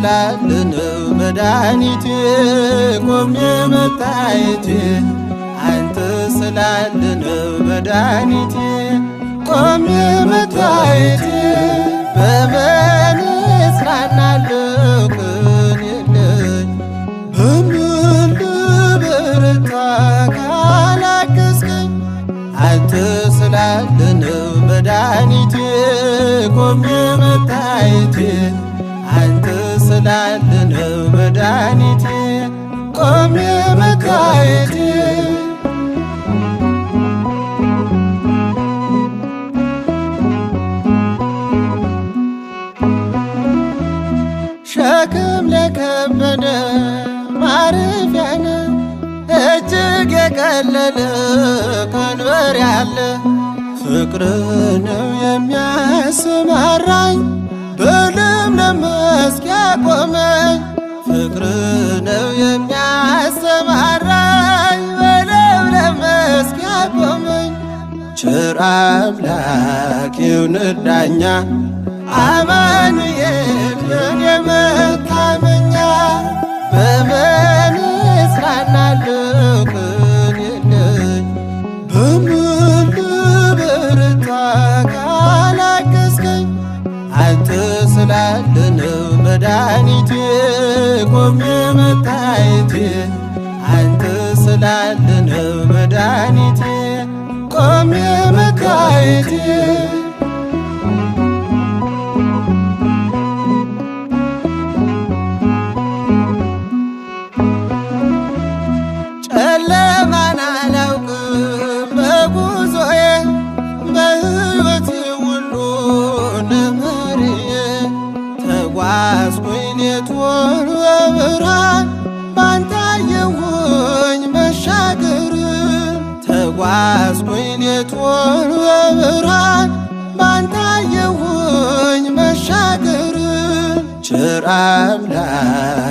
ስላለን መድኃኒቴ ቆሜ መታየቴ አንተ ስላለን መድኃኒቴ ቆሜ መታየቴ በምን እጽናናለሁ ስላለን መድኃኒቴ ቆሜ መታየቴ ስላለ ነው መድኃኒቴ ቆሜ መታየቴ ሸክም ለከበደ ማረፊያ እጅግ የቀለለ ቀንበር ያለ ፍቅር ነው የሚያሰማራኝ ነው የሚያሰማራኝ በለምለም መስክ ያቆመኝ ቸር አምላክ ዳኛ አማኑኤል መድኃኒቴ ቆሜ መታየቴ አንተ ስላለ ቆሜ ያስኩኝ ሌቱን በብርሃን ባንተ አየሁኝ መሻገርን ተጓዝኩኝ ሌቱን በብርሃን ባንተ አየሁኝ መሻገርን አምላክ